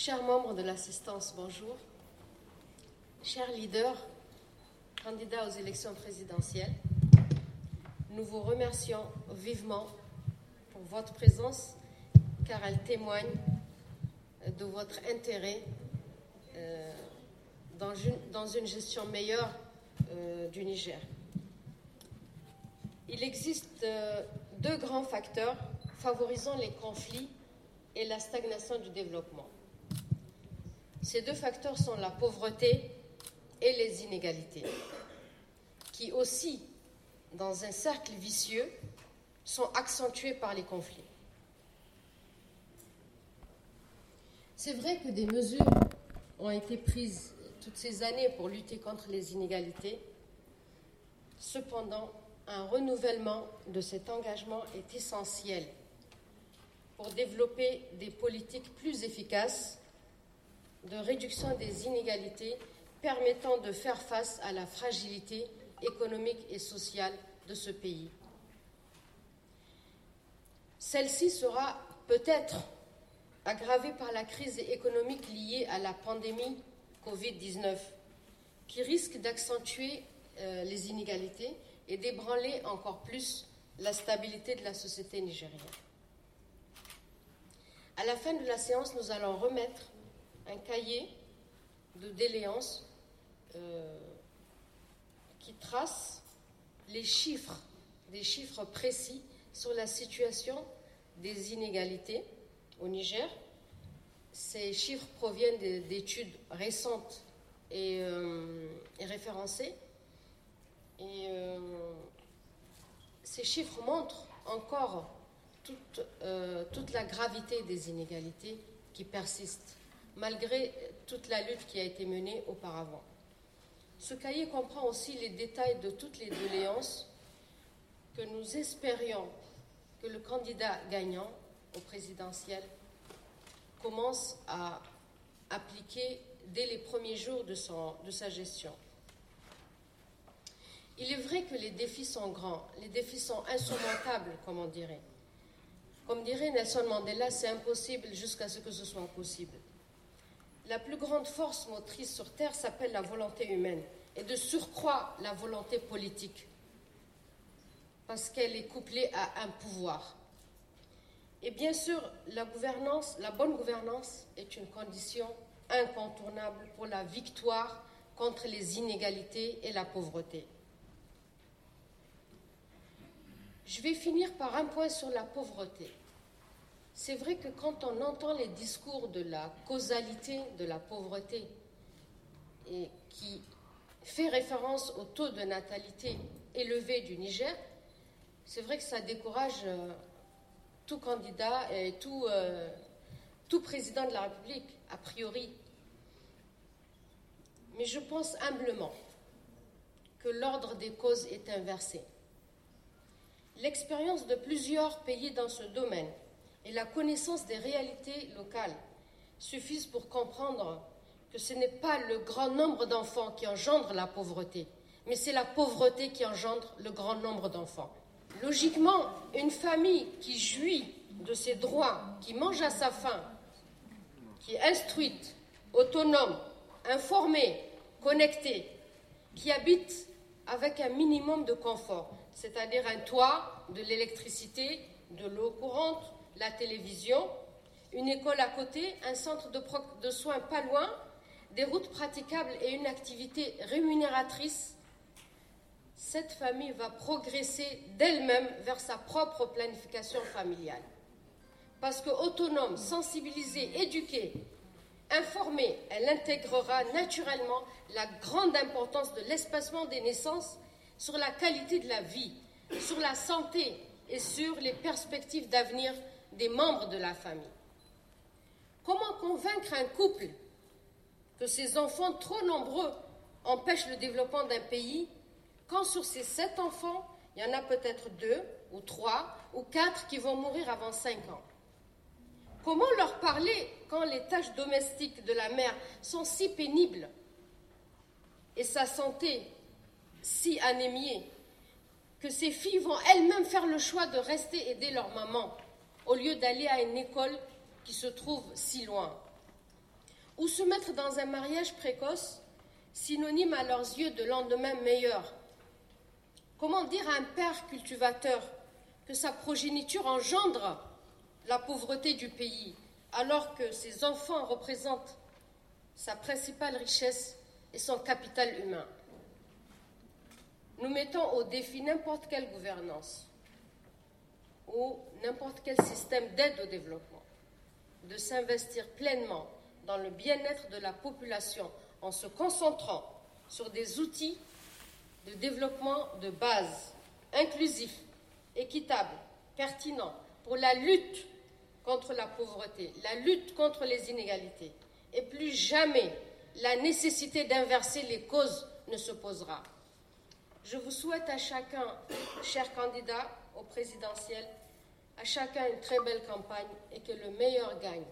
Chers membres de l'assistance, bonjour. Chers leaders, candidats aux élections présidentielles, nous vous remercions vivement pour votre présence car elle témoigne de votre intérêt euh, dans, une, gestion meilleure euh, du Niger. Il existe euh, deux grands facteurs favorisant les conflits et la stagnation du développement. Ces deux facteurs sont la pauvreté et les inégalités, qui aussi, dans un cercle vicieux, sont accentués par les conflits. C'est vrai que des mesures ont été prises toutes ces années pour lutter contre les inégalités. Cependant, un renouvellement de cet engagement est essentiel pour développer des politiques plus efficaces de réduction des inégalités permettant de faire face à la fragilité économique et sociale de ce pays. Celle-ci sera peut-être aggravée par la crise économique liée à la pandémie Covid-19, qui risque d'accentuer euh, les inégalités et d'ébranler encore plus la stabilité de la société nigérienne. À la fin de la séance, nous allons remettre un cahier de déléance euh, qui trace les chiffres, des chiffres précis sur la situation des inégalités au Niger. Ces chiffres proviennent d'études récentes et, euh, référencées. Et euh, ces chiffres montrent encore toute la gravité des inégalités qui persistent malgré toute la lutte qui a été menée auparavant. Ce cahier comprend aussi les détails de toutes les doléances que nous espérions que le candidat gagnant au présidentiel commence à appliquer dès les premiers jours de, sa gestion. Il est vrai que les défis sont grands, les défis sont insurmontables, comme on dirait. Comme dirait Nelson Mandela, c'est impossible jusqu'à ce que ce soit possible la plus grande force motrice sur Terre s'appelle la volonté humaine, et de surcroît la volonté politique, parce qu'elle est couplée à un pouvoir. Et bien sûr, la gouvernance, la bonne gouvernance est une condition incontournable pour la victoire contre les inégalités et la pauvreté. Je vais finir par un point sur la pauvreté c'est vrai que quand on entend les discours de la causalité de la pauvreté, et qui fait référence au taux de natalité élevé du Niger, c'est vrai que ça décourage euh, tout candidat et tout, euh, tout président de la République, a priori. Mais je pense humblement que l'ordre des causes est inversé. L'expérience de plusieurs pays dans ce domaine et la connaissance des réalités locales suffisent pour comprendre que ce n'est pas le grand nombre d'enfants qui engendre la pauvreté, mais c'est la pauvreté qui engendre le grand nombre d'enfants. Logiquement, une famille qui jouit de ses droits, qui mange à sa faim, qui est instruite, autonome, informée, connectée, qui habite avec un minimum de confort, c'est-à-dire un toit, de l'électricité, de l'eau courante, la télévision, une école à côté, un centre de, soins pas loin, des routes praticables et une activité rémunératrice, cette famille va progresser d'elle-même vers sa propre planification familiale. Parce que autonome, sensibilisée, éduquée, informée, elle intégrera naturellement la grande importance de l'espacement des naissances sur la qualité de la vie, sur la santé et sur les perspectives d'avenir des membres de la famille. Comment convaincre un couple que ses enfants trop nombreux empêchent le développement d'un pays quand sur ses sept enfants, il y en a peut-être deux ou trois ou quatre qui vont mourir avant cinq ans Comment leur parler quand les tâches domestiques de la mère sont si pénibles et sa santé si anémiée que ses filles vont elles-mêmes faire le choix de rester aider leur maman au lieu d'aller à une école qui se trouve si loin. Ou se mettre dans un mariage précoce, synonyme à leurs yeux de lendemain meilleur. Comment dire à un père cultivateur que sa progéniture engendre la pauvreté du pays, alors que ses enfants représentent sa principale richesse et son capital humain Nous mettons au défi n'importe quelle gouvernance ou n'importe quel système d'aide au développement, de s'investir pleinement dans le bien-être de la population en se concentrant sur des outils de développement de base, inclusifs, équitables, pertinents pour la lutte contre la pauvreté, la lutte contre les inégalités. Et plus jamais la nécessité d'inverser les causes ne se posera. Je vous souhaite à chacun, chers candidats, au présidentiel, à chacun une très belle campagne et que le meilleur gagne.